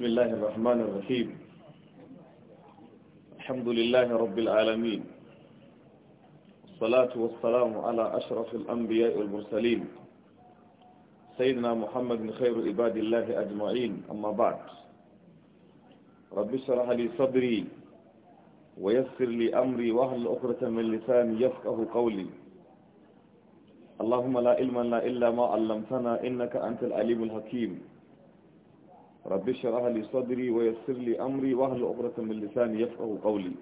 بسم الله الرحمن الرحيم الحمد لله رب العالمين الصلاة والسلام على أشرف الأنبياء والمرسلين سيدنا محمد خير عباد الله أجمعين أما بعد رب اشرح لي صدري ويسر لي أمري وأهل أخرة من لساني يفقه قولي اللهم لا علم لنا إلا ما علمتنا إنك أنت العليم الحكيم رب اشرح لي صدري ويسر لي امري واهل عقدة من لساني يفقهوا قولي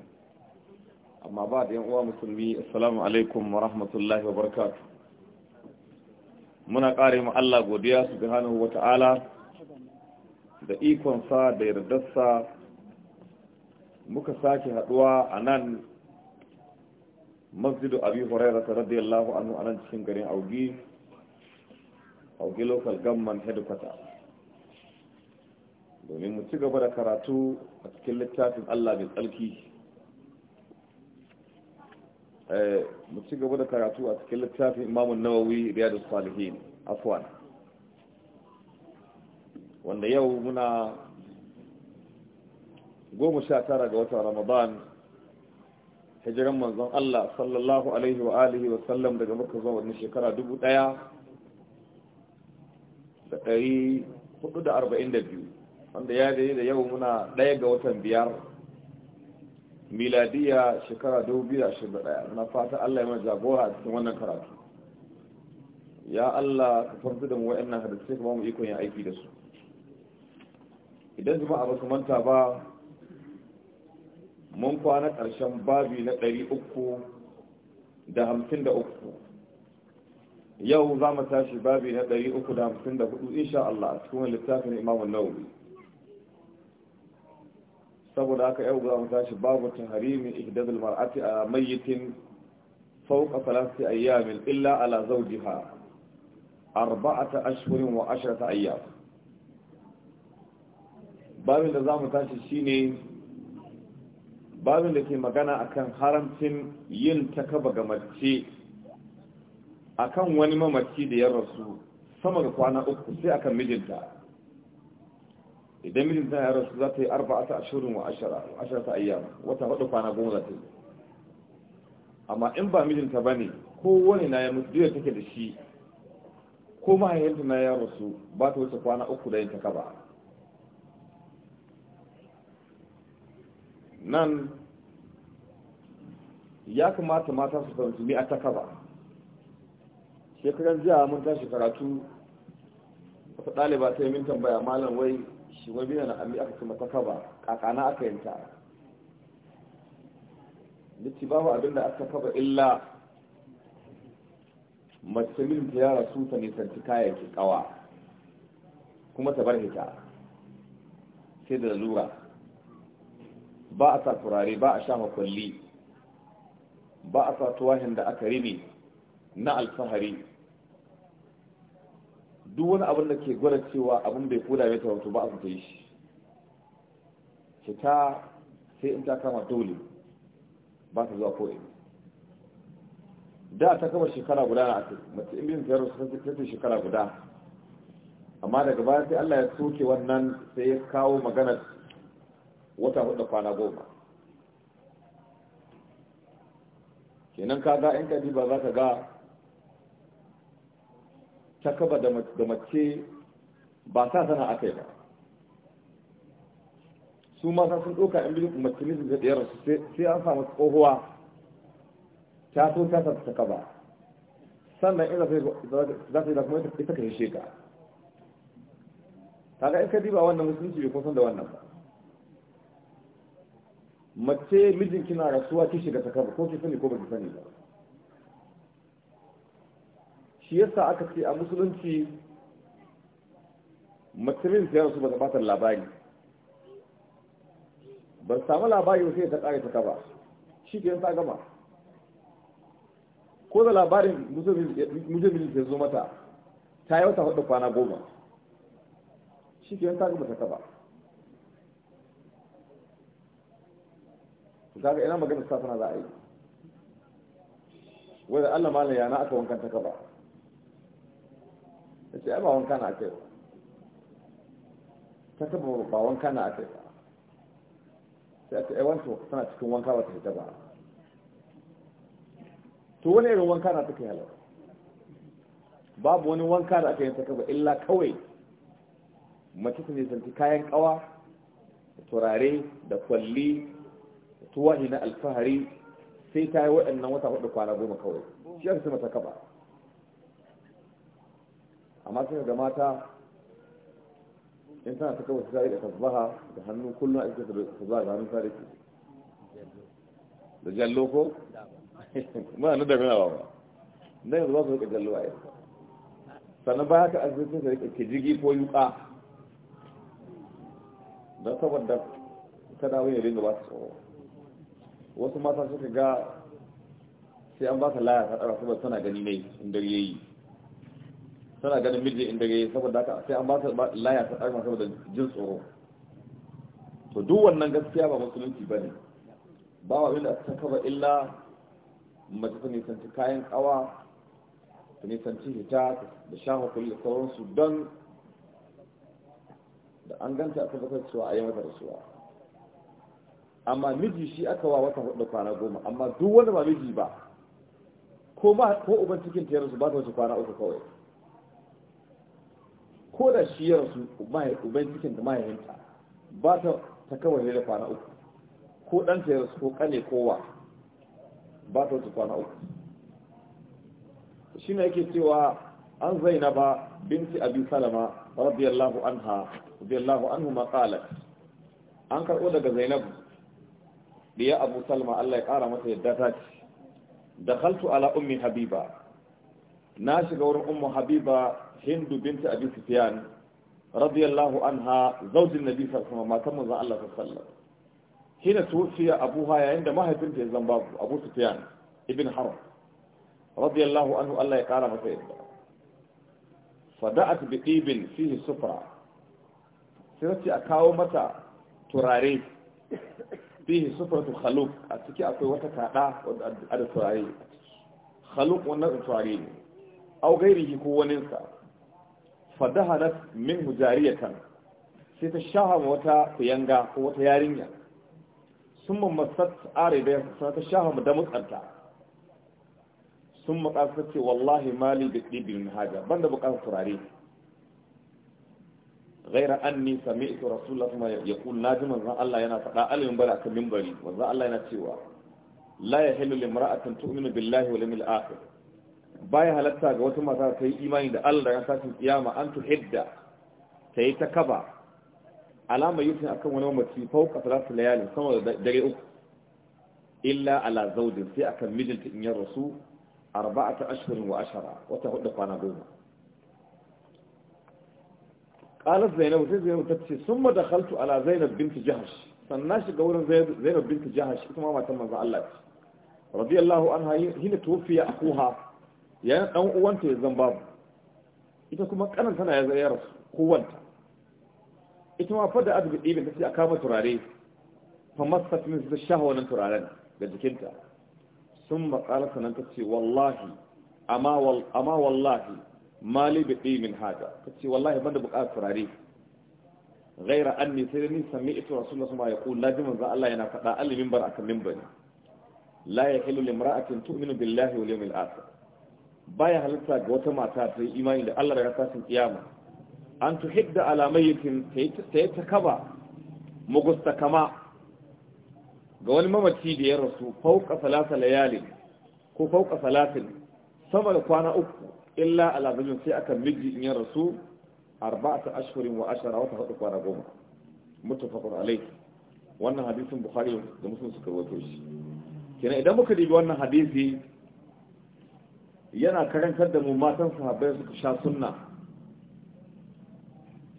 اما بعد يا اخوان مسلمي السلام عليكم ورحمة الله وبركاته muna ƙare mu Allah godiya subhanahu wata'ala da ikonsa da yardarsa muka sake haduwa a nan masjidu abi huraira ta radiyallahu anhu a nan cikin garin augi augi local government headquarter domin mu ci gaba da karatu a cikin littafin Allah mai tsarki eh, mu ci gaba da karatu a cikin littafin imamun nawawi riyadus salihin afwan wanda yau muna goma sha tara ga watan ramadan hijiran manzon Allah sallallahu alaihi wa alihi wa sallam daga makka zuwa wannan shekara dubu ɗaya da ɗari hudu da arba'in da biyu wanda ya dai da yau muna ɗaya ga watan biyar miladiya shekara 2021 na fata Allah ya mana jagora a cikin wannan karatu ya Allah ka farfi da mu wa'annan hadisai kuma mu ikon yin aiki da su idan zuma ba su manta ba mun kwana ƙarshen babi na ɗari uku da hamsin da uku yau za mu tashi babi na ɗari uku da hamsin da hudu insha Allah a cikin littafin imamun nauyi saboda haka yau za mu tashi babu tahrimi ihdadul mar'ati a mayyitin fawqa thalathati ayyamin illa ala zawjiha arba'ata ashhurin wa ashrata ayyam babin da za mu tashi shine babin da ke magana akan haramcin yin takaba ga mace akan wani mamaci da ya rasu sama da kwana uku sai akan mijinta idan mijin ta ya rasu za ta yi ta ashirin wa ashara ta ayyama wata hudu kwana goma za ta yi amma in ba mijinta ba ne wani na ya mutu biyar take da shi ko mahaifinta na ya rasu ba ta wuce kwana uku da yin ta kaba nan ya kamata mata su fahimci mi a ta kaba shekaran jiya mun tashi karatu wata ɗaliba ta yi min tambaya malam wai shi wai na al'ammi aka kuma ta kaba kakana aka yanta litti babu abin da aka kaba illa matsalin min ta yara su ta nisanci kayayyaki kawa kuma ta bar hita sai da lura ba a sa turare ba a shafa kwalli ba a sa tuwahin da aka rini na alfahari duk wani abin da ke gwada cewa abin bai koda ya wato ba a yi shi fita sai in ta kama dole ba ta zuwa ko'ina da ta kama shekara guda na ake mace in bin ziyarar sun tafi shekara guda amma daga baya sai allah ya soke wannan sai ya kawo magana wata hudu kwana goma kenan ka ga in ka ji ba za ka ga ta kaba da mace ba sa sana aka yi ba su mata sun ɗauka yan bilin mace da ɗayar su sai an samu tsohuwa ta so ta sa ta kaba sannan ina za ta yi da kuma ita ka shishe ka kaga in ka diba wannan musulunci bai kusan da wannan ba mace mijin kina rasuwa ki shiga ta kaba ko ki sani ko ba ki sani ba shi yasa aka ce a musulunci mutumin ta su ba gabatar labari ba samu labari ba sai ta ƙari ta ba shi ke sa gama ko da labarin musulmi ya zo mata ta yi wata hudu kwana goma shi ke sa gama ta ba kaga ina magana safana za a yi wadda allah malam yana aka wankan ta ba Sai ce ba wanka na kai ta taba ba wanka na kai ba sai ta yawanto tana cikin wanka ba ta fita ba to wani irin wanka na take halar babu wani wanka da aka yi ta kaba illa kawai mace ta nisanci kayan kawa da turare da kwalli da tuwahi na alfahari sai ta yi waɗannan wata hudu kwana goma kawai shi aka sai mata kaba amma sai da mata in tana ta wasu sai da zuba da hannu kullum a ake ta tasbaha da hannun sarki da jallo ko ma na da ba ba na yanzu ba su rika jallo a yanzu sannan ba haka azumin sa rike jigi ko yuka don saboda kada wani ringa ba su tsoro wasu mata suka ga sai an ba ta laya ta tsara saboda tana gani ne in dare yayi tana ganin miji inda ya saboda haka sai an ba ta laya ta ɗarma saboda jin tsoro to duk wannan gaskiya ba musulunci ba ne ba wa wanda ta kaba illa mace ta nisanci kayan kawa ta nisanci hita da shafa kulle sauransu don da an ganta a tabbatar cewa a yi mata rasuwa amma miji shi aka wa wata hudu kwana goma amma duk wanda ba miji ba ko uban cikin ta ba ta wace kwana uku kawai ko da shi ya rasu cikin da mahaifinta ba ta ta kawai da kwana uku ko ɗanta ya rasu ko ƙane kowa ba ta wata kwana uku shi ne yake cewa an ba binti abin salama radiyallahu anha radiyallahu anhu maqalat an karɓo daga zainab ya abu salma Allah ya ƙara mata yadda ta ce dakhaltu ala ummi habiba na shiga wurin ummu habiba hindu binta abi sufyan radiyallahu anha zaujin nabi sallallahu alaihi wasallam matan manzon Allah sallallahu alaihi wasallam hina tuwfiya abuha yayin da mahaifinta ya zamba abu sufyan ibn haram radiyallahu anhu Allah ya kara masa yadda fada'at bi qibin fihi sufra sai ce a kawo mata turare fihi sufratu khaluq a ciki akwai wata kada da turare khaluq wannan turare ne au gairihi ko waninsa fadahanat minhu jariyatan sai ta shahama wata kuyanga ko wata yarinya sun mamasat are da sai ta shahama da mutsanta sun makasa ce wallahi mali da ɗibin haja banda bukatar turare غير أني سمعت رسول الله ما يقول ناجما ذا الله ينا فدا ألم برا كمنبري وذا الله ينا تيوا لا يحل لامرأة تؤمن بالله واليوم الآخر baya halatta ga wata mata ta yi imani da Allah daga sakin kiyama an tuhidda ta yi ta kaba alama yi akan wani mamaci fauka salatu layali sama da dare uku illa ala zaudin sai akan mijinta in ya rasu arba'a ta ashirin wa ashara wata hudu kwana goma qalat zainab sai zainab ta ce summa dakhaltu ala zainab Binta jahash sannan shiga wurin zainab Binta jahash ita ma matan manzo Allah ce radiyallahu anha hina a akuha ya ɗan uwanta ya zan babu ita kuma ƙanan tana ya zai rasu kowanta ita ma fadda a dubu ɗibin ta ce a kama turare fa masa fi wannan turaren ga jikinta sun matsala sanan ta ce wallahi amma wallahi mali bi ɗibin haja ta ce wallahi banda buƙatar turare gaira an ne sai da ni sami ita rasulullah sama ya ku lajimin za Allah yana faɗa alimin bar akan mimbari la ya hilu limra'atin tu'minu billahi wal yawmil akhir baya halitta ga wata mata ta yi imani da Allah daga tasin kiyama an da alamayyakin ta yi ta kaba magusta kama ga wani mamaci da ya rasu fauka salata layalin ko fauka salatin sama da kwana uku illa alazajin sai aka miji in ya rasu arba'ata ashirin wa ashara wata hudu kwana goma muttafaqun alai. wannan hadisin bukhari da musulun suka rawaito shi kenan idan muka dibi wannan hadisi yana karantar da mu matan sahabbai suka sha sunna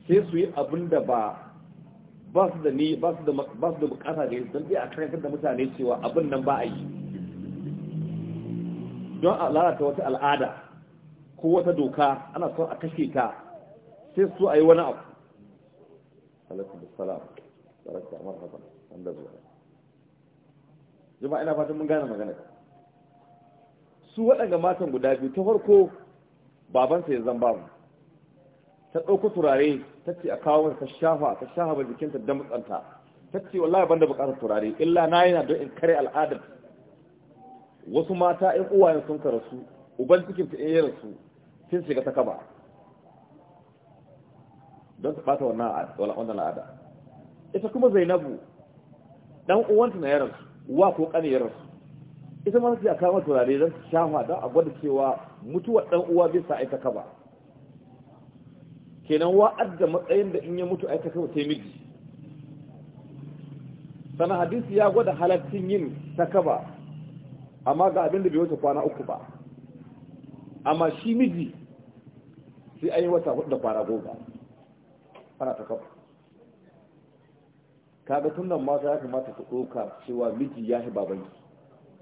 sai su yi abin da ba ba su da ni ba su da bukata da yin don a karantar da mutane cewa abin nan ba a yi don a lalata wata al'ada ko wata doka ana son a kashe ta sai su a yi wani abu alaikum ba zuwa ina fatan mun gane magana su waɗanda matan guda biyu ta farko babansa ya zamba mu ta ɗauku turare ta ce a kawo ta shafa ta shafa ba jikinta da mutsanta ta ce wallahi banda bukatar turare illa na yana don in kare al'adar wasu mata in uwayen sun karasu uban cikin ta in yi rasu sun shiga ta kaba don ta ɓata wannan al'ada ita kuma zainabu ɗan uwanta na yaransu wa ko ƙani yaransu ita ma sai a kawo turare don su shafa don a gwada cewa mutuwar dan uwa bai sa aika ka ba kenan wa da matsayin da in ya mutu aika ka sai miji sana hadisi ya gwada halaccin yin takaba amma ga abin da bai wuce kwana uku ba amma shi miji sai an yi wata hudu da kwana goma ana takaba kaga tun nan mata ya kamata ku ɗauka cewa miji ya yi babanki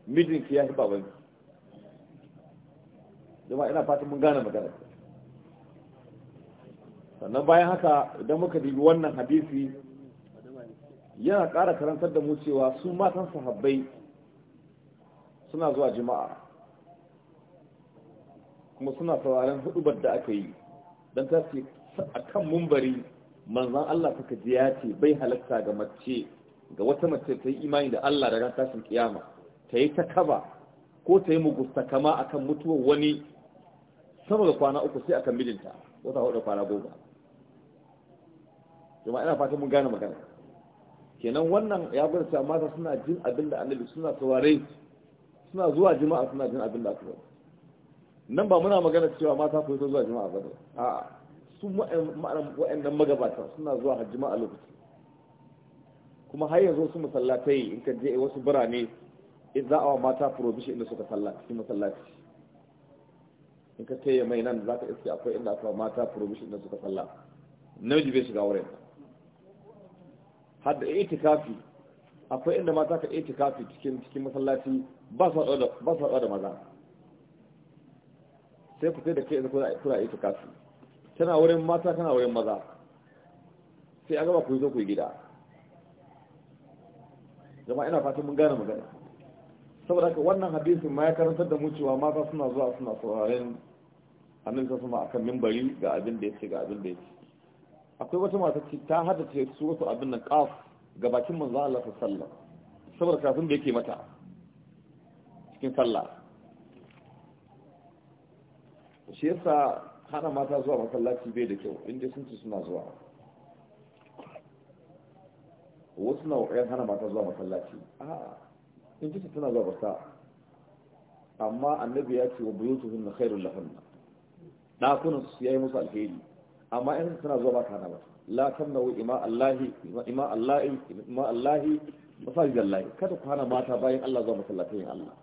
mijinki ya fi babanki zama ina fatan mun gane magana sannan bayan haka idan muka dubi wannan hadisi yana kara karantar da mu cewa su matan sahabbai suna zuwa jima'a kuma suna sauraron hudubar da aka yi don ta ce a kan mumbari manzan Allah suka ji ce bai halatta ga mace ga wata mace ta yi imani da Allah ran tashin kiyama ta yi ta kaba ko ta yi mugusta kama a kan mutuwar wani sama da kwana uku sai a kan mijinta wata hudu kwana goma jama'a ina fatan mun gane magana kenan wannan ya gwada cewa mata suna jin abin da annabi suna saurare suna zuwa jima'a suna jin abin da aka nan ba muna magana cewa mata ku zuwa jima'a ba a su wa'annan magabata suna zuwa hajjima a lokaci kuma har yanzu su masallatai in ka je wasu birane in za a wa mata provision inda suka salla cikin masallaci in ka taya mai nan za ka iske akwai inda aka mata provision inda suka na namiji bai shiga wurin hadda tikafi akwai inda mata ka tikafi cikin cikin masallaci ba su haɗuwa da maza sai ku sai da kai kuna tikafi tana wurin mata kana wurin maza sai a gaba ku yi zo ku yi gida zama ina fatan mun gane magana saboda haka wannan hadisin ma ya karantar da mu cewa mata suna zuwa suna sauraren annabi sallallahu alaihi akan mimbari ga abin da yake ga abin da yake akwai wata mata ce ta hada ce su wasu abin nan qaf ga bakin manzo Allah sallallahu alaihi wasallam saboda kafin da yake mata cikin sallah shi yasa hana mata zuwa masallaci bai da kyau inda sun ci suna zuwa wasu na hana mata zuwa masallaci a'a in ji tana gabata amma annabi ya ce wa buyutuhun na khairul lahunna kunan su yayi musu alheri amma in suna zuwa ba kana ba la tamnawu ima allahi ima allahi ima allahi masajid allahi kada ku hana mata bayan Allah zuwa masallatin Allah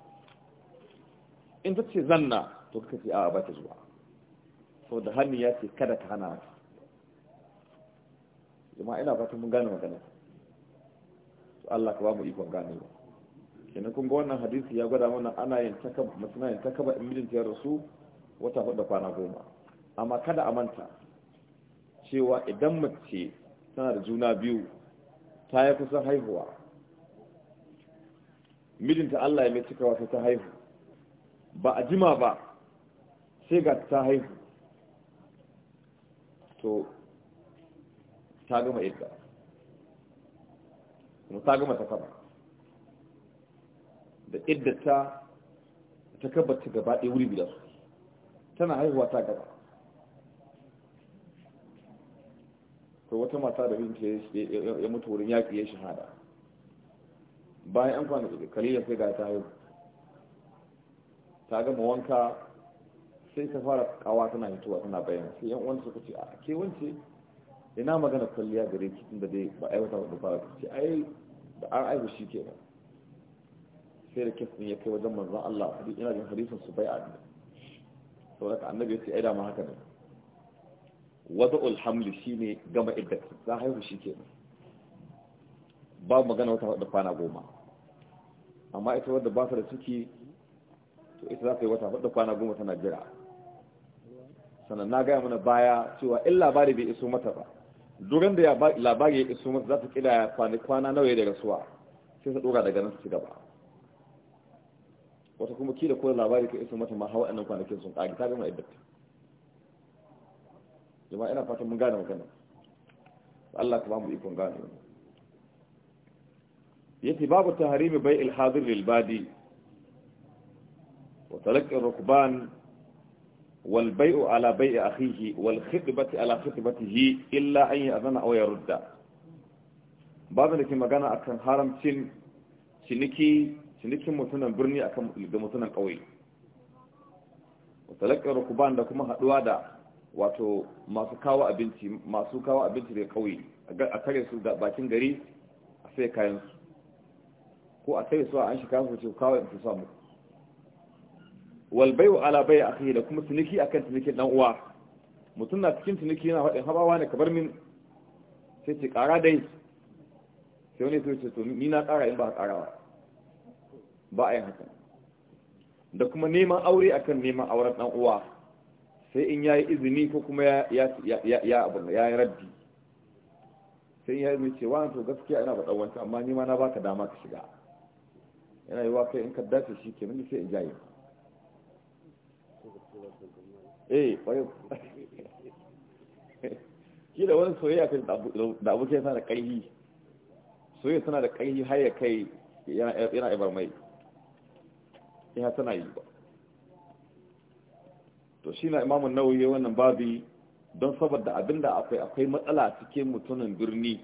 in ta ce zanna to kaka ce a'a ba ta zuwa da hannu ya ce kada ka hana mata jama'a ina fatan mun gane magana to Allah ka ba mu ikon ganewa kenan kun ga wannan hadisi ya gwada mana ana yin takaba masana yin takaba in mijinta ya rasu wata hudu da kwana goma amma kada a manta cewa idan mace tana da juna biyu ta yi kusan haihuwa mijinta Allah ya mai cika wata ta haihu ba a jima ba sai ga ta haihu to ta gama idda kuma ta gama takaba da iddata ta kabata gaba ɗaya wuri biyar su tana haihuwa ta gaba to wata mata da binta ya mutu wurin yaƙi ya shahada bayan an kwana da kalila sai ga ta haihu ta gama wanka sai ta fara kawa tana hituwa tana bayan sai yan wanda suka ce a ke wance ina magana kwalliya gare ki tun da dai ba aiwata wadda fara ce ai da an aihu shi ke ba sai da kifin ya kai wajen manzan Allah ina jin hadisin su bai a sau da annabi ya ce ai dama haka ne wata ulhamli shi ne gama idda za haihu shi ke ba magana wata da kwana goma amma ita wadda ba ta da ciki to ita za ta yi wata da kwana goma tana jira sannan na gaya mana baya cewa in labari bai iso mata ba duran da labari ya iso mata za ta kila kwana nawa ya da rasuwa sai ta dora daga nan su ci gaba wata kuma kila ko labari ka iso mata ma hawa annan kwanakin sun kage ta gama iddata jama'a ina fatan mun gane magana Allah ka ba mu ikon gane yace babu tahrimi bai'il hadir lil badi wa talaqi rukban wal bai'u ala bai'i akhihi wal khitbati ala khitbatihi illa an ya'zana aw yarudda babu da ke magana akan haramcin ciniki cinikin mutunan birni kan da mutunan ƙauye talakar rukuban da kuma haɗuwa da wato masu kawo abinci masu kawo abinci da ƙauye a kare su da bakin gari a sai kayan su ko a kare su a an shi kayan su ce kawo su samu walbai wa alabai a kai da kuma ciniki akan cinikin ɗan uwa mutum na cikin ciniki yana faɗin habawa ne kamar min sai ce ƙara dai sai wani sai ce to ni na ƙara in ba a ba ba a yin haka da kuma neman aure akan neman auren ɗan uwa sai in ya yi izini ko kuma ya ya ya ya yi rabbi sai ya yi mai cewa to gaskiya ina faɗa wancan amma ni ma na ka dama ka shiga yana yi wa kai in ka dace shi ke nan sai in jaye eh kwayo ki da wani soyayya kai da abokin sana da ƙarfi soyayya suna da ƙarfi har ya kai yana ibar mai ya tana yi ba to shi na imamun nauyi wannan babi don saboda abinda akwai akwai matsala cikin mutunan birni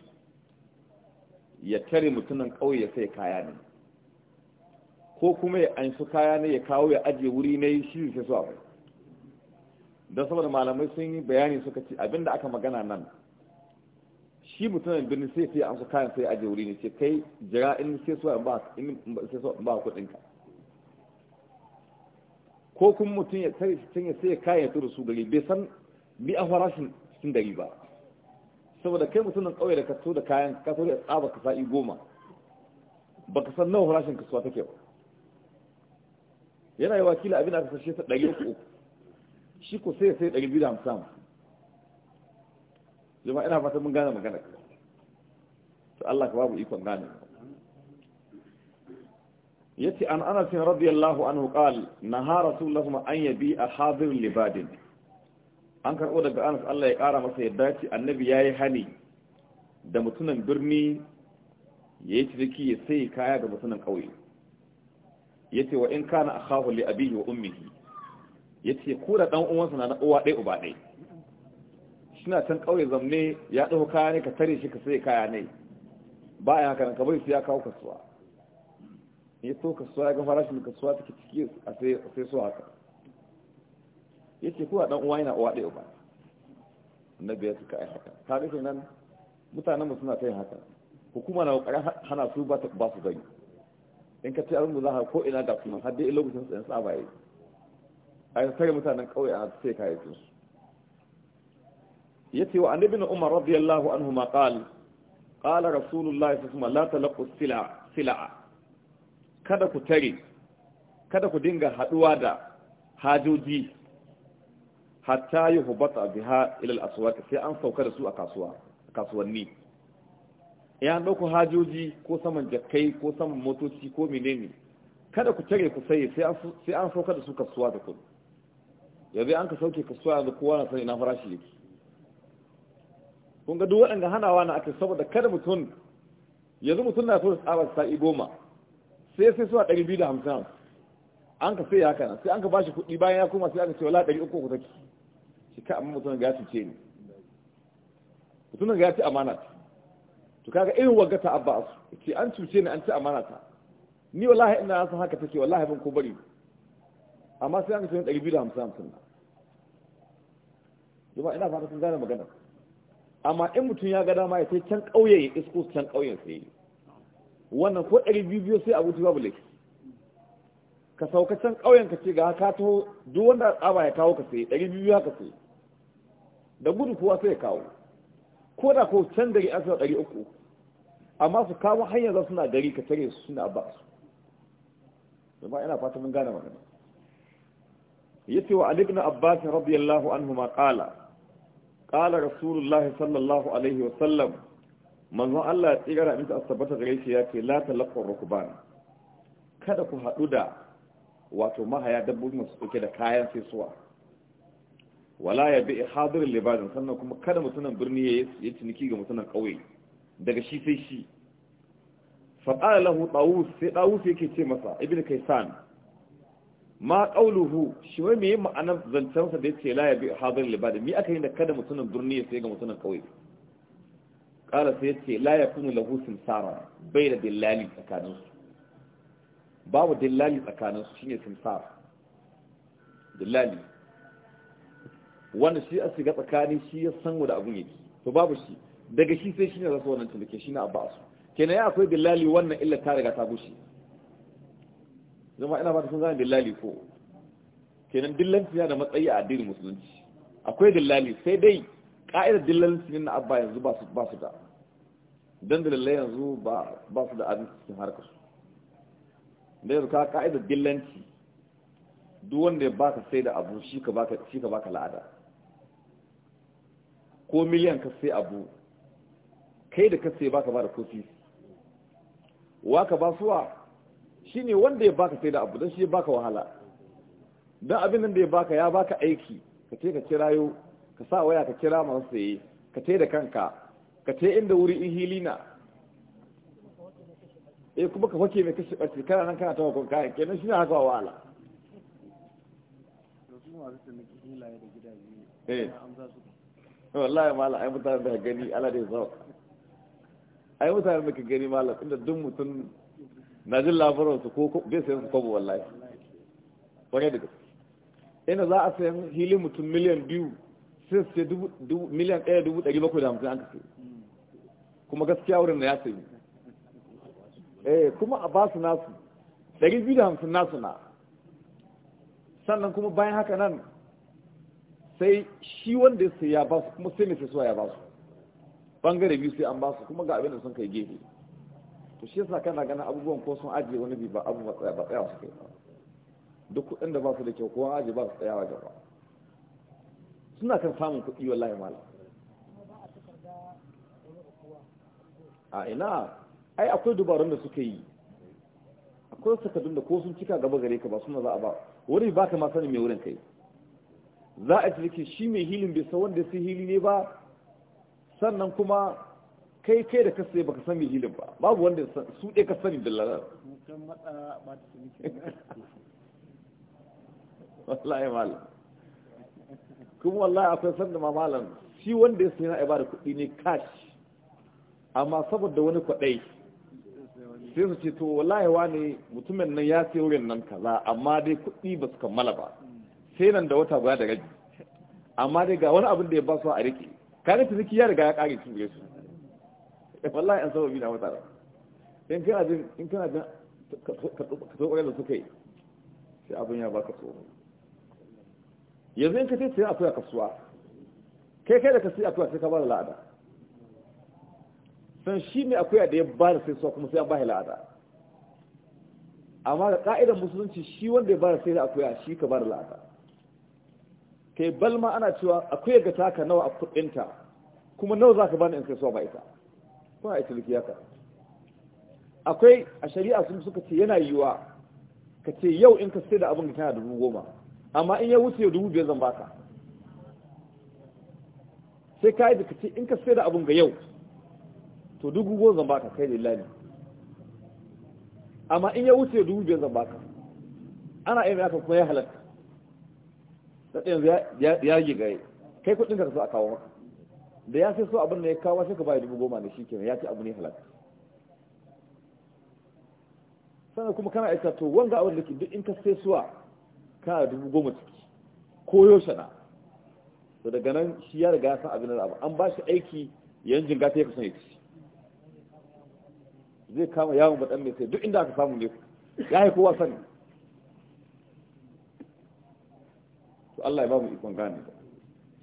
ya tare mutunan ƙauye ya sai kaya ne ko kuma ya ansu kaya ne ya kawo ya ajiye wuri na yi shi sai so akwai don saboda malamai sun yi bayani suka ce abinda aka magana nan shi mutumin birni sai sai an su kayan sai ajiye wuri ne ce kai jira in sai su in ba kuɗinka ko kuma mutum ya sai kayan ya tura su gari bai san bi a farashin cikin gari ba saboda kai mutum nan kauye da so da kayan ka so da tsaba ka sa'i goma ba ka san nawa farashin kasuwa take ba yana yi wakila abin aka sashe ta ɗari uku shi ko sai ya sai ɗari biyu da hamsin jama'a ina fata mun gane magana to Allah ka babu ikon gane yace an anas radiyallahu anhu qal naha rasulullahi an yabi al-hadir libadin an karbo daga anas Allah ya kara masa yadda ci annabi yayi hani da mutunan birni yayi ciki sai kaya ga mutunan kauye yace wa in kana akhahu li abihi wa ummihi yace ko da dan uwansa na uwa dai uba dai shina can kauye zamne ya dauka kaya ne ka tare shi ka sai kaya ne ba ya haka ka bai su ya kawo kasuwa ya so kasuwa ya ga farashin kasuwa take ciki a sai so haka ya ce kuwa dan uwa yana uwa yau ba na biyar suka ai haka ta rufe nan mutanen mu suna tayin haka hukuma na kokarin hana su ba su gani in ka ce abin da za ko ina ga kuma har dai lokacin tsayin tsaba yi a yi sai mutanen kauye a sai kayayyakin su ya ce wa annabi na umar radiyallahu anhu ma qala qala rasulullahi sallallahu alaihi wasallam la talaqu sila'a kada ku tare kada ku dinga haduwa da hajoji hatta yi hubata biha ilal aswat sai an sauka da su a kasuwa kasuwanni ya dauko hajoji ko saman jakkai ko saman motoci ko menene kada ku tare ku saye sai an sauka da su kasuwa da kudu yanzu an ka sauke kasuwa yanzu kowa na sani na farashi yake kun ga duk waɗanda hanawa na ake saboda kada mutum yanzu mutum na so da tsabar sa'i goma sai sai suwa ɗari biyu da hamsin an ka sai ya kana sai an ka ba shi kuɗi bayan ya koma sai an ce wala ɗari uku ku take shi ka amma mutum ga ya cuce ni mutumin ga ya ci amana ta to kaga irin wagata abba su ce an cuce ni an ci amana ta ni wallahi ina san haka take wallahi ban ko bari amma sai an ka sai ɗari biyu da hamsin hamsin jama'a ina fata sun gane magana amma in mutum ya ga dama ya sai can kauye ya isko can ƙauyen sai wannan ko ɗari biyu biyu sai abuci babu laifi ka sauka can ƙauyen ka ce ga haka taho duk wanda tsaba ya kawo ka sai ɗari biyu biyu haka sai da gudu kowa sai ya kawo ko da ko can gari an sa ɗari uku amma su kawo hanyar za suna gari ka tare su suna ba su zama ina fata mun gane magana yace wa Ali ibn Abbas radiyallahu anhu ma qala qala rasulullahi sallallahu alaihi wa sallam manzon Allah ya tsigara min ta gare shi ya ce la talaqqur rukban kada ku hadu da wato mahaya dabbobi masu dauke da kayan sai suwa wala ya bi hadir libadin sannan kuma kada mutunan birni ya ciniki ga mutunan kauye daga shi sai shi fa qala lahu tawus sai tawus yake ce masa ibnu kaysan ma qawluhu shi wai meye ma'anar zancansa da yace la ya bi hadir libadin mi aka yi da kada mutunan birni ya sai ga mutunan kauye ƙara sai ce la ya kunu lahu simsara bai da dillali tsakaninsu babu dillali tsakaninsu shine simsara dillali wanda shi a shiga tsakani shi ya san wani abun yake to babu shi daga shi sai shine rasu wannan shi na abba su kenan ya akwai dillali wannan illa ta riga ta bushe zama ina ba ta sun zama dillali ko kenan dillanci yana da matsayi a addinin musulunci akwai dillali sai dai ka'idar sinin na abba yanzu ba su da don dillan yanzu ba su da abin cikin harkar su da yanzu ka ka'idar dillanci duk wanda ya baka sai da abu shi ka baka la'ada ko miliyan ka sai abu kai da ka sai baka ba da kofi wa ka ba suwa shi ne wanda ya baka sai da abu don shi ya baka wahala don abin nan da ya baka ya baka aiki ka ce ka kirayo ka sa waya ka kira masu saye ka te da kanka ka te inda wuri in hili na eh kuma ka fake mai kashi ɓarci kana nan kana tawa kwanka kenan shi na haka wa wa'ala eh wallahi mala ai mutane da gani ala da zau ai mutane da gani mala inda duk mutum na jin labarin su ko bai sayan su kwabo wallahi wani da gaske ina za a sayan hili mutum miliyan biyu sai su ce miliyan ɗaya dubu ɗari bakwai da hamsin an kuma gaskiya wurin na ya sayi eh kuma a ba su nasu ɗari biyu da hamsin nasu na sannan kuma bayan haka nan sai shi wanda ya sai ya ba su kuma sai mai sai ya ba su bangare biyu sai an ba su kuma ga abin da sun kai gefe to shi yasa kana ganin abubuwan ko sun ajiye wani bi ba abu ba tsaya ba tsaya su kai duk kuɗin da ba su da kyau ko an ajiye ba su tsayawa gaba suna kan samun kuɗi wallahi malam a ina ai akwai dubarun da suka yi akwai sakadun da ko sun cika gaba gare ka ba suna za a ba wuri ba ka ma sanin mai wurin kai za a ci shi mai hilin bai san wanda sai hili ne ba sannan kuma kai kai da kasai baka san mai hilin ba babu wanda su ɗaya ka sani da lalar wallahi malam kuma wallahi san sanda mamalan shi wanda ya sayi ba da kuɗi ne cash amma saboda wani kwaɗai sai su ce to wallahi wani mutumin nan ya sayi wurin nan kaza amma dai kuɗi ba su kammala ba sai nan da wata guda da gaji amma dai ga wani abin da ya ba su a rike kaga ciniki ya riga ya kare su gare su wallahi an sababi na wata in kana jin in kana jin ka tsokarar da suka yi sai abin ya baka tsoro yanzu in ka ce sai akwai kasuwa kai kai da ka sai akuya sai ka ba da la'ada san shi ne akwai da ya ba da sai kuma sai an ba shi la'ada amma da ka'idar musulunci shi wanda ya ba da sai da akwai shi ka ba da la'ada kai balma ana cewa akwai ga taka nawa a kuɗinta kuma nawa za ka bani in kai suwa ba ita kuma a liki ya akwai a shari'a sun suka ce yana yiwa ka ce yau in ka sai da abin da tana dubu goma amma in ya wuce dubu biyar zan baka sai ka yi da kace in ka sai da abun ga yau to dubu goma zan baka kai lillahi amma in ya wuce dubu biyar zan baka ana yin haka kuma ya halatta da yanzu ya yi gaye kai kudin ka so a kawo maka da ya sai so abin da ya kawo sai ka bayar dubu goma ne shi kenan ya ci abu ne halatta sannan kuma kana aika to wanga abin da ke duk in ka sai suwa a dubu goma ciki ko yaushe na to daga nan shi ya riga ya san abin da abu an ba shi aiki yan jinga ta kusan son ya ci zai kama yawon baɗan mai sai duk inda aka samu ne ya yi kowa sani to Allah ya ba mu ikon gane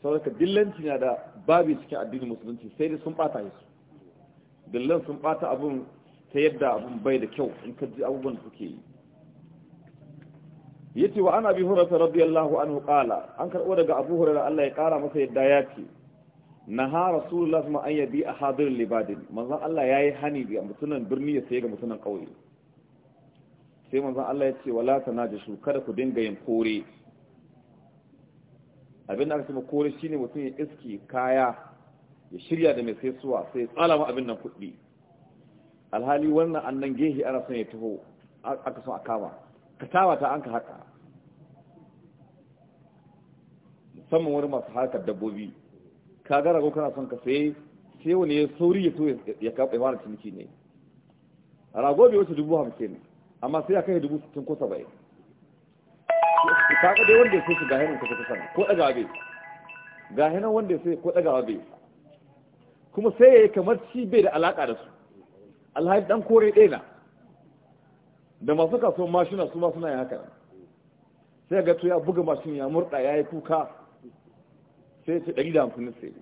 ba ka dillanci na da babu cikin addinin musulunci sai dai sun bata su dillan sun bata abun ta yadda abun bai da kyau in ka ji abubuwan suke yi yace wa ana bi hurairah radiyallahu anhu qala an karbo daga abu hurairah Allah ya kara masa yadda ya ce naha rasulullah ma an yabi ahadir libadin manzon Allah yayi hani ga mutunan birni ya sai ga mutunan kauye sai manzon Allah ya ce wala tanajashu kada ku dinga yin kore abin da aka ce kore shine mutum ya iski kaya ya shirya da mai sai suwa sai tsala ma abin nan kuɗi alhali wannan annan gehi ana son ya taho aka so a kama katawa ta an ka haka musamman wani masu harkar dabbobi ka gara ko kana son ka sai sai wani ya sauri ya so ya kaɓa wani ciniki ne rago bai wuce dubu hamsin amma sai ya kai dubu sittin ko saba'in ga dai wanda ya sai shi ga hannun kasa kusan ko ɗaga abe ga hannun wanda ya sai ko ɗaga abe kuma sai ya yi kamar shi bai da alaƙa da su alhaji ɗan kore ɗaya na da masu kasuwan mashina su ma suna yi haka sai ga to ya buga mashin ya murda ya yi kuka sai ce 150 sai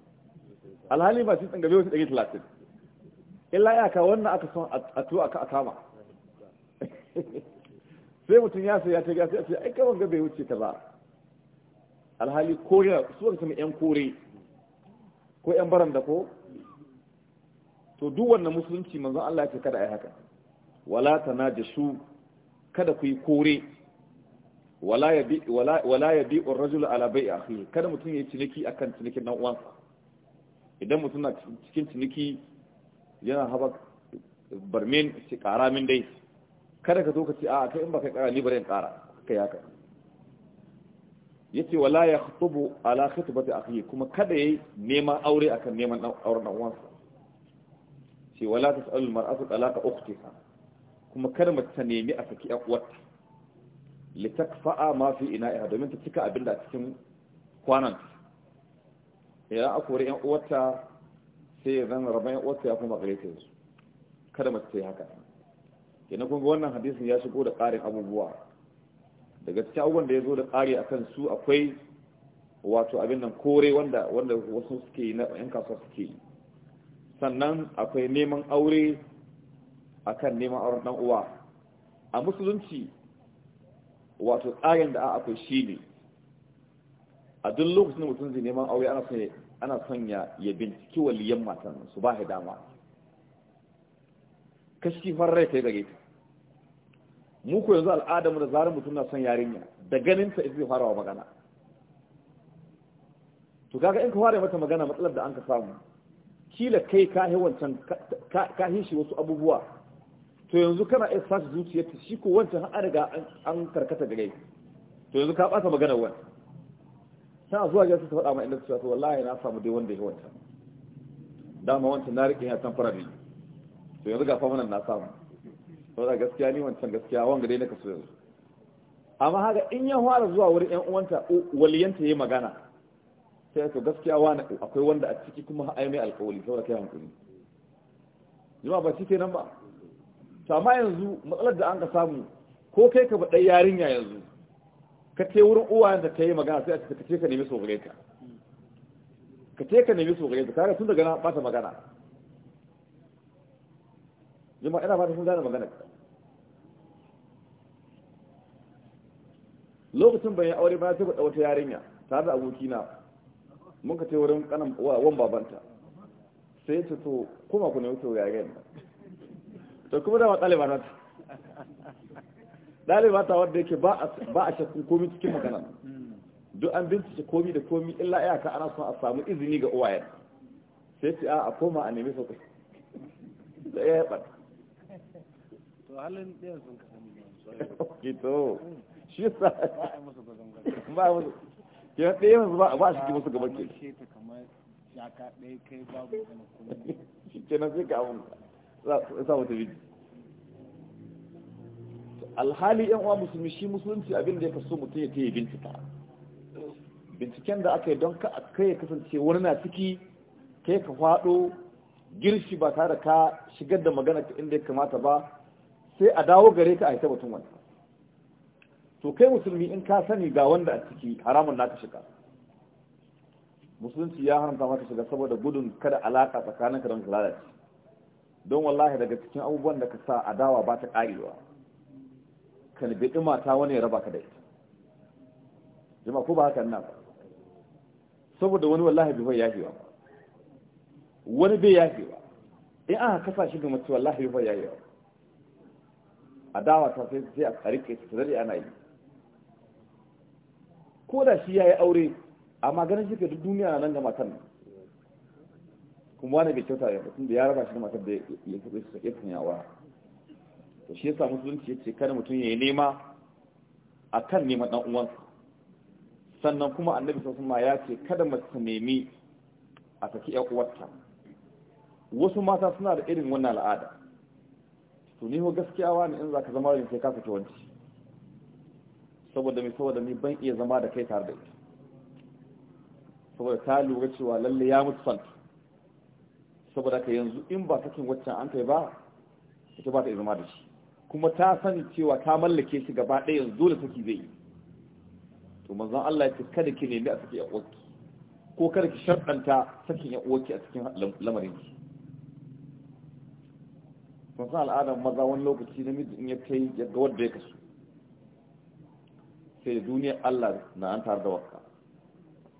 alhali ba shi tsangabe wasu 130 illa ya ka wannan aka son a tuwa aka kama sai mutum ya sai ya ta gasa sai aika wanga bai wuce ta ba alhali koriya su wani sami yan kore ko yan da ko to duk wannan musulunci manzon Allah ya ce kada yi haka wala su kada ku yi kore wala yabi wala yabi ar-rajul ala bai'i akhihi kada mutum ya yi ciniki a kan cinikin dan uwansa idan mutum na cikin ciniki yana haba barmin shi kara min dai kada ka zo ka ce a kai in baka kara ni bare in ka yi haka Ya ce wala ya khutubu ala khutbati akhi kuma kada ya yi neman aure a kan neman auren dan uwansa ce wala tasalul mar'atu talaqa ukhtiha kuma kar ta nemi a saki ƴan uwarta fa'a ma fi ina'iha domin ta cika abinda a cikin kwanan idan a kori ƴan uwarta sai ya zan rabon ƴan uwarta ya kuma gare ta yanzu kada ta yi haka kenan kuma wannan hadisin ya shigo da ƙarin abubuwa daga cikin abubuwan da ya zo da ƙari kan su akwai wato abin nan kore wanda wanda wasu suke yi na ƴan kasuwa suke yi sannan akwai neman aure akan neman auren dan uwa a musulunci wato tsarin da akwai ne. a duk lokacin da mutum zai neman aure ana son ana ya binciki waliyan matan su ba shi dama kashi farrai kai gare ta mu ko yanzu al'adamu da zarar mutum na son yarinya da ganin ta zai fara wa magana to kaga in ka fara mata magana matsalar da an ka samu kila kai ka hi wancan ka hi shi wasu abubuwa to yanzu kana iya sa zuciyar ta shi ko wancan har riga an karkata da gai to yanzu ka ɓata magana wani ta zuwa ga su faɗa ma inda su to wallahi na samu dai wanda ya wanta dama wancan na rike ya tamfara ne to yanzu ga famanan na samu da gaskiya ni wancan gaskiya wanga dai na kasu yanzu amma haka in ya fara zuwa wurin ƴan uwanta waliyanta yayi magana sai to gaskiya wani akwai wanda a ciki kuma ai mai alƙawari saboda kai hankali jama'a ba shi kenan ba to amma yanzu matsalar da an ka samu ko kai ka baɗai yarinya yanzu ka ce wurin uwayen da ta yi magana sai a ce ka ce ka nemi so gare ka ka ce ka nemi so gare ka kare tun daga na ta magana jima ina ba ta sun gane magana ka lokacin bayan aure ba sai ku wata yarinya tare da abokina mun ka ce wurin kanan wan babanta sai ta to kuma ku ne wuce yaren nan to kuma da ɗaliba na ɗaliba ta wadda yake ba a shakkun komi cikin magana duk an bincike komi da komi illa ya ka ana son a samu izini ga uwayen sai ce a koma a nemi sauƙi da ya yaɓa to halin ɗaya sun ka sani to shi sa ba a musu ya ɗaya yanzu ba a shi musu gabar ke shi na sai ka abunka alhali yan uwa musulmi shi musulunci abin da ya kaso mutum ya bincika binciken da aka yi don kai ya kasance wani na ciki kai ka faɗo girshi ba tare ka shigar da magana inda ya kamata ba sai a dawo gare ka a yi tabbatun wani to kai musulmi in ka sani ga wanda a ciki haramun naka shiga musulunci ya haramta maka shiga saboda gudun kada alaka tsakanin don lalace don wallahi daga cikin abubuwan da ka sa adawa ba ta ƙarewa ka nufi mata wani ya raba ka da ita jima ko ba haka nan ba saboda wani wallahi bai bai yahewa ba wani bai yahewa in aka kasa shi ga mace wallahi bai yahewa adawa ta sai sai a karike ta dare ana yi ko da shi yayi aure amma ganin shi ka duk duniya nan ga matan nan kuma wani bai kyauta ya mutum da ya raba shi da matar da ya kuɗe su sake sun yawa to shi yasa musulunci ya ce kada mutum ya yi nema a kan neman ɗan uwansa sannan kuma annabi sun ma ya ce kada mace ta nemi a saki ya uwarta wasu mata suna da irin wannan al'ada to ni ho gaskiya ne in za ka zama yin sai ka saki wanci saboda mai saboda ni ban iya zama da kai tare da ita saboda ta lura cewa lalle ya mutu santa saboda ka yanzu in ba sakin waccan an kai ba ita ba ta izuma da shi kuma ta sani cewa ta mallake shi gaba ɗaya yanzu dole saki zai yi to manzon Allah ya ce kada ki nemi a saki yaƙoƙi ko kada ki sharɗanta sakin yaƙoƙi a cikin lamarin ki kun san al'adar maza wani lokaci namiji in ya kai ga wanda ya kasu sai duniyar Allah na an tare da wakka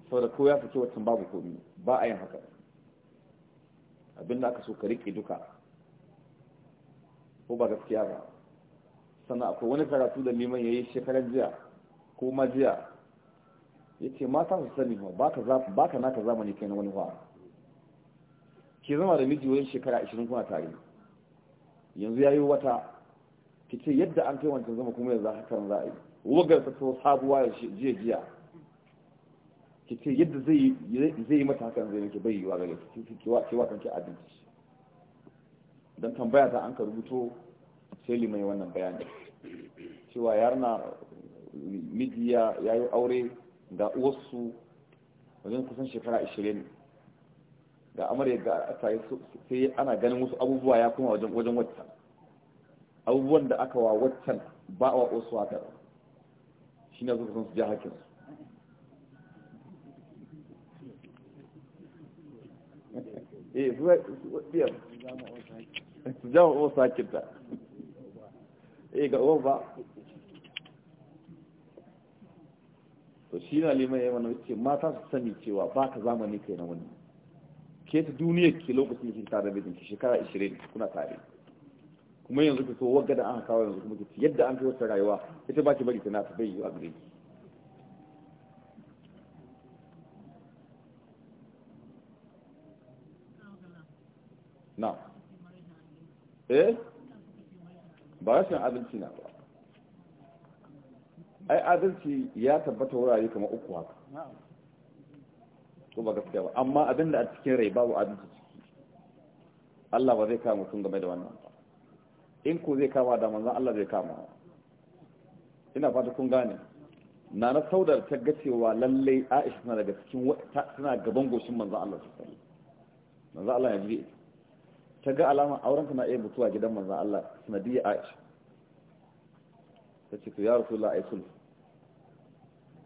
saboda ko ya saki waccan babu komi ba a yin haka abinda aka so ka riƙe duka ko ba gaskiya ba sannan akwai wani karatu da liman ya yi shekarar jiya ko ma ya ce mata su sani ba ba ka naka zamani kai na wani wa ke zama da miji wurin shekara 20 kuna tare yanzu ya yi wata ki ce yadda an kai wancan zama kuma yanzu haka za a yi wugar ta sabuwa sabuwa jiya jiya ki ce yadda zai yi mata hakan zai miki bai yiwa gare ki kiwa kanki abinci don tambaya ta an ka rubuto sai limai wannan bayani cewa yarna miji ya yi aure ga uwarsu wajen kusan shekara 20 ga amarya ga atayi sai ana ganin wasu abubuwa ya kuma wajen waccan abubuwan da aka wa waccan ba wa uwarsu haka shi ne zuwa sun su ja hakinsu eh, eh shi na liman ya mana wuce mata su sani cewa ba ka zamani kai na wani ke ta duniya ke lokacin kin tare da ki shekara 20 kuna tare kuma yanzu ka so wagga da an kawo yanzu kuma yadda an kai wata rayuwa ita ba ki bari ta na ta bai yi a gare ki na eh ba rashin adalci na ba ai adalci ya tabbata wurare kamar uku haka ko ba gaskiya ba amma abin da a cikin rai babu adalci ciki Allah ba zai kama mutum game da wannan ba in ko zai kama da manzon Allah zai kama ina fata kun gane na na saudar ta gacewa cewa lalle Aisha tana daga cikin tana gaban goshin manzon Allah sallallahu alaihi wasallam manzon Allah ya ji ta ga alama aurenka na iya mutuwa gidan manzan Allah sanadiyya aisha ta ce to ya rasu la aisul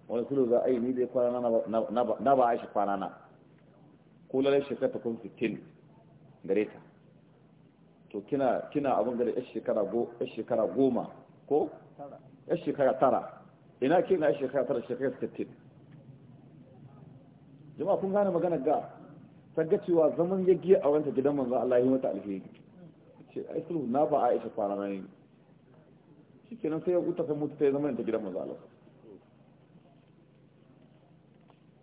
wani sulu za a yi ni dai kwana na ba aisha kwana na ko lalai shekara ta kun fitin gare ta to kina kina abin gare yar shekara go shekara goma ko yar shekara tara ina kina yar shekara tara shekara 60 jama'a kun gane magana ga ta ga cewa zaman ya giya a wanta gidan manzo Allah ya mata alheri ce ai sulhu na ba Aisha fara na yi shikenan sai ya guta ta mutu ta zaman ta gidan manzo Allah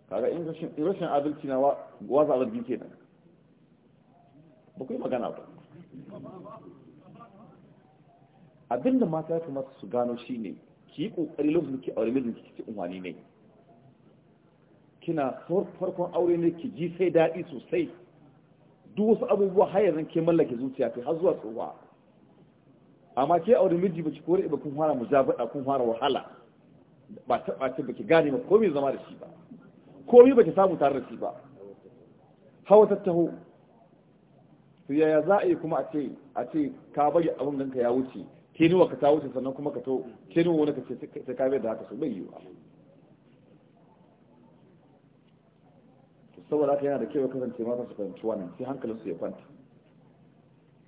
kaga in rashin rashin adalci na wa za rabbi kenan ba ku yi magana ba abinda mata ya kamata su gano shine ki yi kokari lokacin ki aure mijinki ci wani ne kina farkon aure ne ki ji sai daɗi sosai duk wasu abubuwa har yanzu ke mallake zuciya kai har zuwa tsohuwa amma ke aure miji ba ki kore ba kun fara mujabada kun fara wahala ba ta ba baki gane ba komai zama da shi ba komai baki samu tare da shi ba hawa tattaho to yaya za a yi kuma a ce a ce ka bari abin ganka ya wuce kenuwa ka ta wuce sannan kuma ka to kenuwa wani ka ce sai ka bai da haka so bai yi ba saboda haka yana da kyau ya kasance mata su fahimci wannan sai hankalin su ya kwanta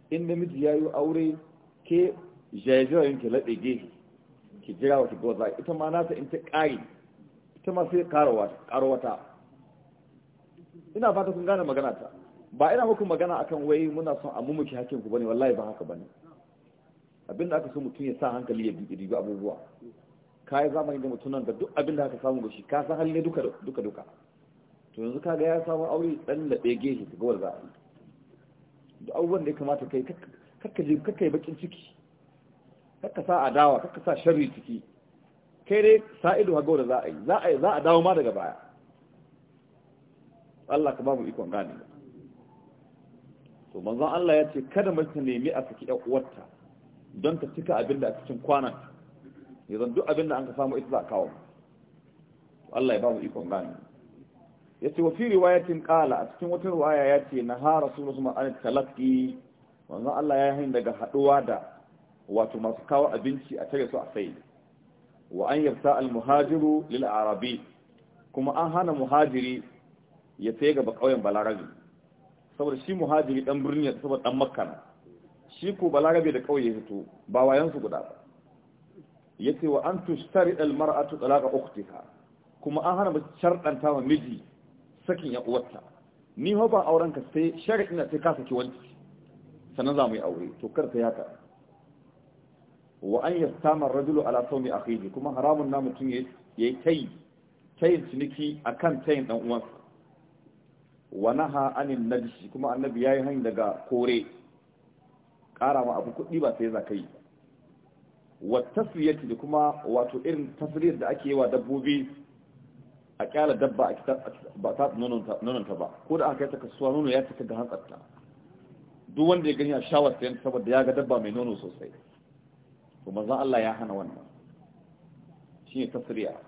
in namiji ya yi aure ke jayajayen ki laɓe gefe ki jira wata goza ita ma nasa in ta ƙari ita ma sai ƙaro wata ina fata kun gane magana ta ba ina muku magana akan wai muna son a mumuki hakin ku bane wallahi ba haka bane abinda aka so mutum ya sa hankali ya bi abubuwa kai zamani da mutunan da duk abinda aka samu ga shi ka san hali ne duka duka to yanzu kaga ya samu aure dan labe gehe ga wanda za a yi duk abubuwan da ya kamata kai kakka jin kakka yi bakin ciki kakka sa adawa kakka sa sharri ciki kai dai sa ido ga wanda za a yi za a dawo ma daga baya Allah ka ba mu ikon gane to manzon Allah ya ce kada ta nemi a saki ɗan uwarta don ta cika abin da a cikin kwanan ya zan duk abin da an ka samu ita za a kawo Allah ya ba mu ikon gane ya ce wafi riwayatin kala a cikin wata riwaya ya ce na ha rasulun su ma'anin talaki wanzan Allah ya yi daga haɗuwa da wato masu kawo abinci a tare su a sai wa an yabta almuhajiru lil arabi kuma an hana muhajiri ya sai gaba ƙauyen balarabi saboda shi muhajiri ɗan birni ya saboda ɗan makana shi ko balarabe da ƙauye fito ba wayansu guda ba ya ce wa an tushtari almar'atu talaqa ukhtiha kuma an hana mace sharɗanta wa miji sakin ya uwarta ni ho ba auren ka sai shari'a ina sai ka saki wanci sannan za mu yi aure to kar ta haka. wa an yastama ar-rajulu ala sawmi akhihi kuma haramun na mutum yayi kai tayin ciniki akan tayin dan uwansa wa naha anin najshi kuma annabi yayi hani daga kore kara ma abu kudi ba sai zakai wa tasriyati da kuma wato irin tasriyar da ake yi wa dabbobi a kyala dabba a ta nononta ba ko da aka kai ta kasuwa nono ya cika da hantsarta duk wanda ya gani a shawar sayan saboda ya ga dabba mai nono sosai to maza Allah ya hana wannan shi ne tasiriya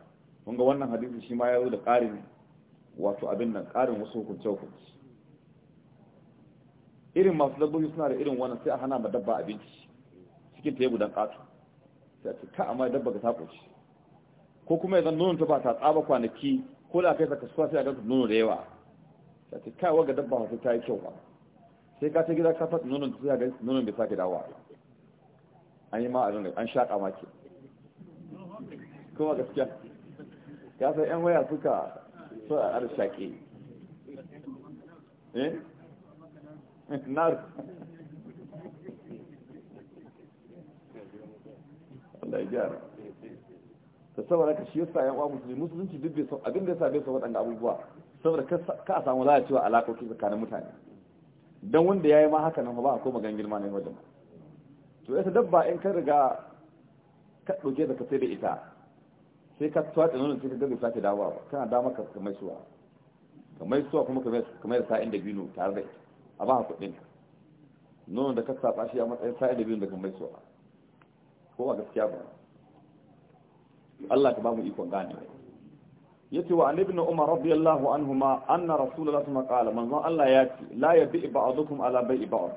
kun ga wannan hadisi shi ma ya zo da ƙarin wato abin nan ƙarin wasu hukunce hukunci irin masu dabbobi suna da irin wannan sai a hana ma dabba abinci cikin teburin yi ƙato sai a ce ka amma dabba ga takoci ko kuma ya zan ta ba ta tsaba kwanaki ko da kai ta kasuwa sai a gasa nono da yawa ta ce kai waga dabba wasu ta yi kyau ba sai ka ta gida ka faɗi nonon ta sai a nono bai sake dawowa an yi ma a zanga an shaƙa maki kuma gaskiya ya sai yan waya suka so a ar shaƙe eh na Allah ya gyara da saboda ka shi yasa ya kwa musulmi musulunci duk bai san abin da yasa bai san waɗanda abubuwa saboda ka a samu lalacewa alaƙoƙi tsakanin mutane don wanda ya yi ma haka nan ba a koma gan girma ne wajen to ita dabba in ka riga ka ɗauke da ka sai da ita sai ka tuwaɗe nuna sai ka gaza sake dawowa ba kana dama ka mai suwa ka mai suwa kuma ka mai da sa'in da binu tare da ita a ba ka nuna da ka saba shi a matsayin sa'in da binu da ka mai suwa ko ba gaskiya ba Allah ka ba mu ikon gane yace wa annabi na umar radiyallahu anhuma anna rasulullahi sallallahu alaihi zan Allah ya ce la yabi ba'dukum ala bai'i ba'd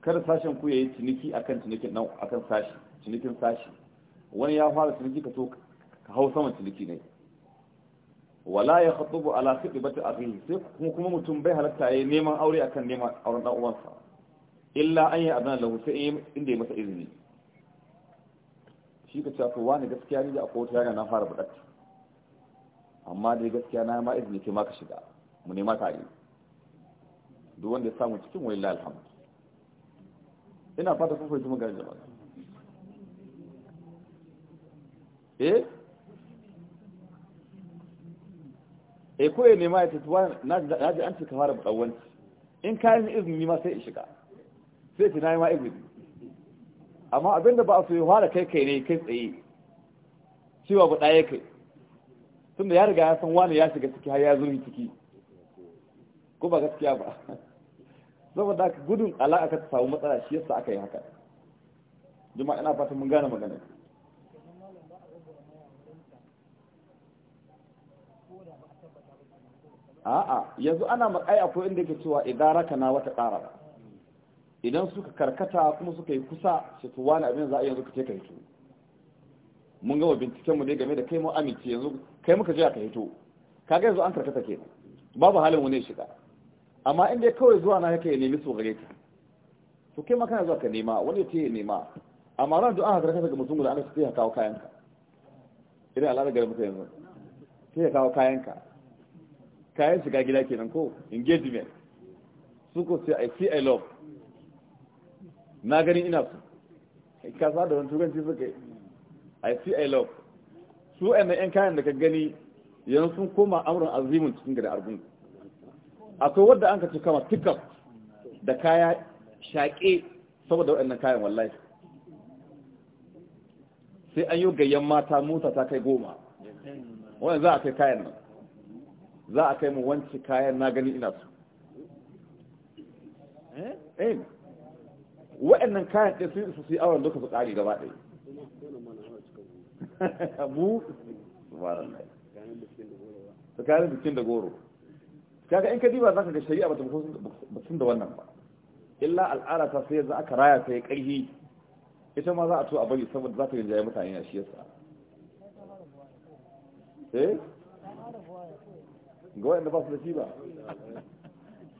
kada sashen ku yayi ciniki akan cinikin nan akan sashi cinikin sashi wani ya fara ciniki ka to ka hau sama ciniki ne wala ya khatubu ala khitbati akhihi sai kuma mutum bai halatta yayi neman aure akan neman auren dan uwansa illa an yi adana lahu sai inda ya masa izini shi ka cewa wani gaskiya ne da akwai wata yana na fara buɗatta amma dai gaskiya na ma izini ke maka shiga mu nema tare duk wanda ya samu cikin wani lalham ina fata kun fahimci maganar jama'a eh eh ko ya nema ya tattuwa na ji an ce ka fara buɗawanci in kayan izini ma sai in shiga sai ce na yi ma izini amma abinda ba su yi ya kai kai ne kai tsaye cewa ba ɗaya kai da ya riga ya san wani ya shiga ciki har ya zurfi ciki ko ba gaskiya ba saboda haka gudun alaƙa ta samu matsala shi yasa aka yi haka jama'a ina fatan mun gane magana a'a yanzu ana makai akwai inda yake cewa idaraka na wata ƙara idan suka karkata kuma suka yi kusa su fi wani abin za a yanzu ka ce ka hito mun gama binciken mu ne game da kai mu amince yanzu kai muka je ka hito Ka ga yanzu an karkata kenan babu halin wani shiga amma inda ya kawai zuwa na yake ya nemi su gare ka to kai ma kana zuwa ka nema wani ya ce ya nema amma ran du'a ka karkata ga mutum guda ana sai ya kawo kayanka idan Allah ya gare muka yanzu sai ya kawo kayanka kayan shiga gida kenan ko engagement su ko sai i see i love na gani ina su ka sa da wani turanci suka yi i see i love su ɗan yan kayan da ka gani yanzu sun koma amurin azimin cikin gada argungu akwai wadda an ka ci kama tikaf da kaya shaƙe saboda waɗannan kayan wallahi sai an yi gayyan mata mota ta kai goma wani za a kai kayan nan za a kai mu wanci kayan na gani ina su eh? Eh. waɗannan kayan ɗin sun su yi awon duka su ƙari gaba ɗaya mu su kayan bikin da goro kaga in ka diba za ka ga shari'a ba ta batun da wannan ba illa al'ada ta sai za ka raya ta yi ƙarfi ita ma za a to a bari saboda za ka yi jaye mutane a shiyasa. eh ga da ba su da shi ba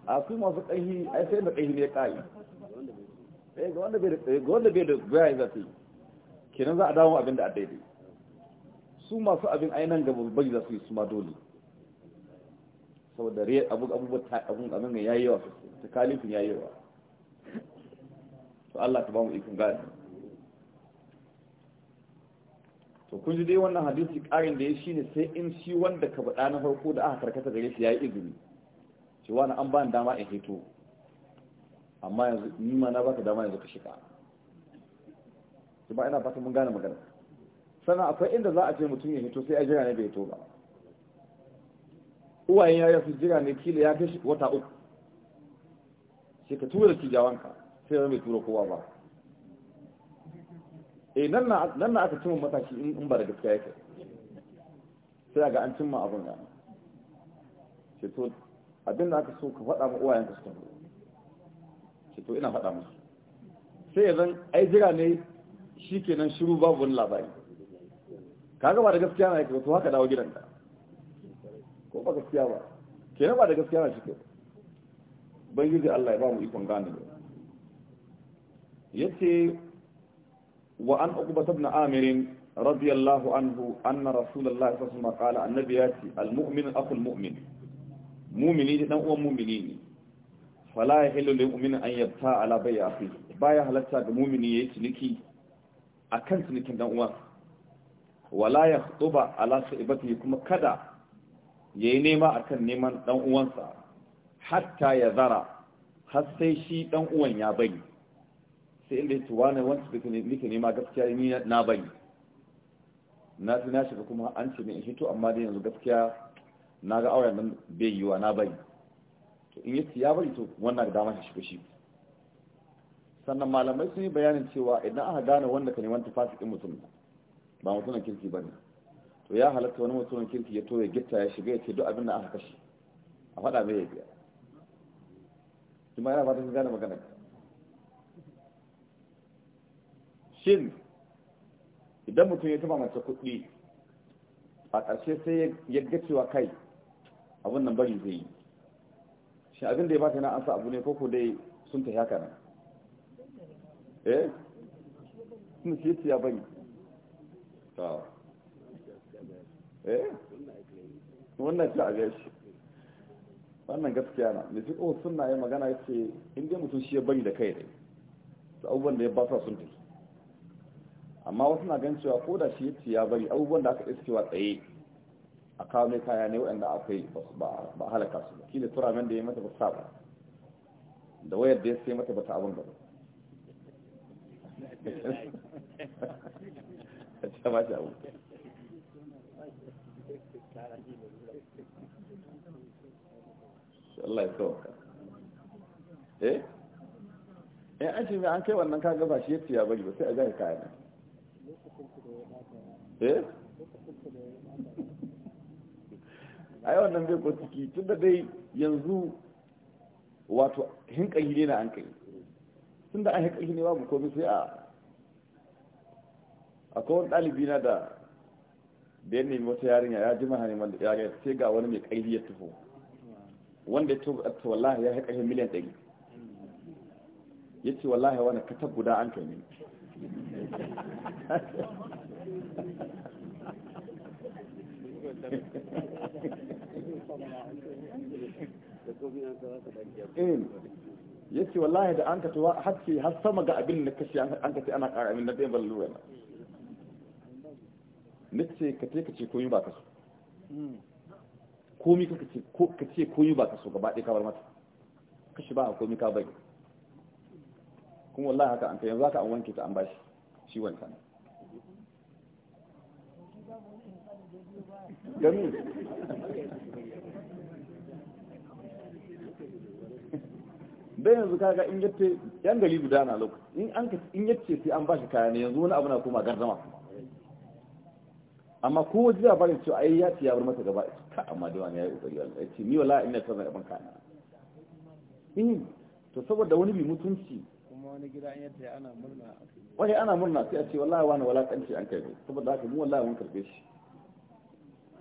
a su masu ƙarfi ai sai da ƙarfi ne ya ƙari Eh, ga wanda bai da eh, bayan za ta yi kenan za a damu abin da a daidai su masu abin ainihin ga bari za su yi su ma dole saboda riyar abubuwan abin ya yi yawa ta kalifin ya yi yawa to Allah ta ba mu ikon gani to kun ji dai wannan hadisi ƙarin da ya shi ne sai in shi wanda ka baɗa na farko da aka karkata gare shi ya yi izini cewa na an ba dama in hito amma yanzu ni ma na baka dama yanzu ka shiga ba ina fata mun gane magana sannan akwai inda za a ce mutum ya hito sai a jira ne bai hito ba uwayen ya su jira ne kila ya kai wata uku sai ka tura jawanka sai ya bai tura kowa ba eh nan na aka cimma mataki in ba da gaskiya yake sai ga an cimma abin da ce to abin da aka so ka faɗa ma uwayen ka su ce ina faɗa musu sai ya zan ai jira ne shi kenan shiru babu wani labari ka gaba da gaskiya na yake to haka dawo gidanka ko ba gaskiya ba kenan ba da gaskiya na shi ban yi Allah ya ba mu ikon gane ba ce wa an uqba ibn amirin radiyallahu anhu anna rasulullahi sallallahu alaihi wasallam qala annabi yati almu'min akhul mu'min mu'mini dan uwan mu'mini ne fala ya hillu lil mu'min an yabta ala bai ba ya halatta da mu'mini yayi ciniki akan cinikin dan uwa wala ya ba ala ya kuma kada ya yi nema a kan neman dan uwansa hatta ya zara har sai shi dan uwan ya bai sai inda ya tuwa ne wanda nika nema gaskiya ni na bai na fi na shiga kuma an ce ne in hito eh, amma dai yanzu gaskiya na ga auren nan bai yiwa na bai. to in yi ya bari to wannan da dama shi shi sannan malamai sun yi bayanin cewa idan aka gane wanda ka neman tafasikin mutum ba mutum kirki ba ne to ya halatta wani mutum kirki ya toye gita ya shiga ya ce duk abin da aka kashe a faɗa mai ya biya kuma yana sun gane magana shin idan mutum ya taba mace kuɗi a ƙarshe sai ya gacewa kai abin nan bari zai yi shi abin da ya fata na an sa abu ne koko dai sun tafi haka nan eh sun ce ya bari ta eh wannan ta a shi wannan gaskiya na mai fi ƙohon suna yi magana ya ce inda mutum shi ya bari da kai dai su abubuwan da ya ba sun ta amma wasu na gan cewa ko da shi ya ce ya bari abubuwan da aka iskewa tsaye أقام لك يعني وإن أعطي بأهلك أصبع كيلي ترى من دي متى بصابع دوية دي سي متى بتعبون برو ما الله الله ايه ايه ai wannan zai ko ciki tun da dai yanzu wato hinkahi ne na an kai tun da an hinkahi ne babu komai sai a akwai wani ɗalibi na da da ya wata yarinya ya ji mahani wanda ya ga sai ga wani mai ƙaihi ya tufo wanda ya ta wallahi ya haƙa miliyan ɗari ya ce wallahi wani katab guda an kai ne Thank you. Eh, ya ce wallahi da an ka tuwa haske har sama ga abin da kashi an ka ce ana ƙara min na ɗaya ban lura na na ce ka ce ka ce komi ba ka so komi ka ce ka ce komi ba ka so gaba ɗaya kawar mata kashi ba a komi ka bai kuma wallahi haka an ka yanzu haka an wanke ta an bashi shi wanka ne gami dan yanzu kaga in yace yan gari guda na lokaci in an in yace sai an bashi kaya ne yanzu wani abu na koma gardama amma ko waje ya bari cewa ai ya ci ya bar masa gaba ka amma da wani yayi kokari ya ce ni wallahi ina son ban kana in to saboda wani bi mutunci kuma wani gida in yace ana murna wai ana murna sai a ce wallahi wani wala kanci an kai saboda haka mu wallahi mun karbe shi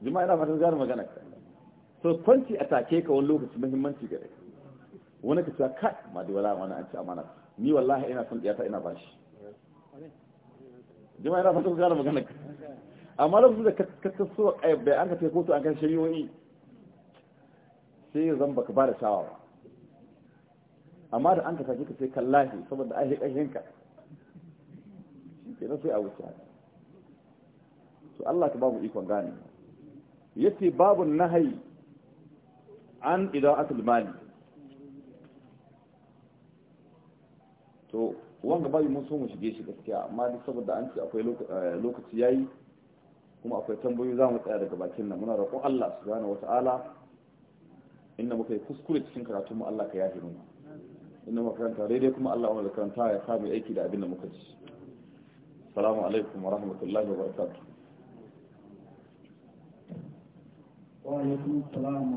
jima'a ina fatan gane magana ka to kwanci a take ka wani lokaci muhimmanci ga ka wani ka cewa kai ma da wala wani an ci amana ni wallahi ina son diyata ina bashi jama'a ina fatan kana magana amma su da ka a bai an ka ce kotu an kan shari'o'i sai zan baka ba da shawara amma da an ka sake ka sai kallahi saboda ai ƙashin ka shi ke sai a wuce to Allah ka babu ikon gane yace babu nahayi an idan atul mali to wanga bayi mun so mu shige shi gaskiya amma duk saboda an ce akwai eh, lokaci yayi kuma akwai tambayoyi za mu tsaya daga bakin nan muna roƙon Allah subhanahu wata'ala inna muka yi kuskure cikin karatun mu Allah ka yafe mu inna muka karanta daidai kuma Allah wanda karanta ya sa aiki da abin da muka ci assalamu alaikum wa rahmatullahi wa barakatuh wa alaikum assalam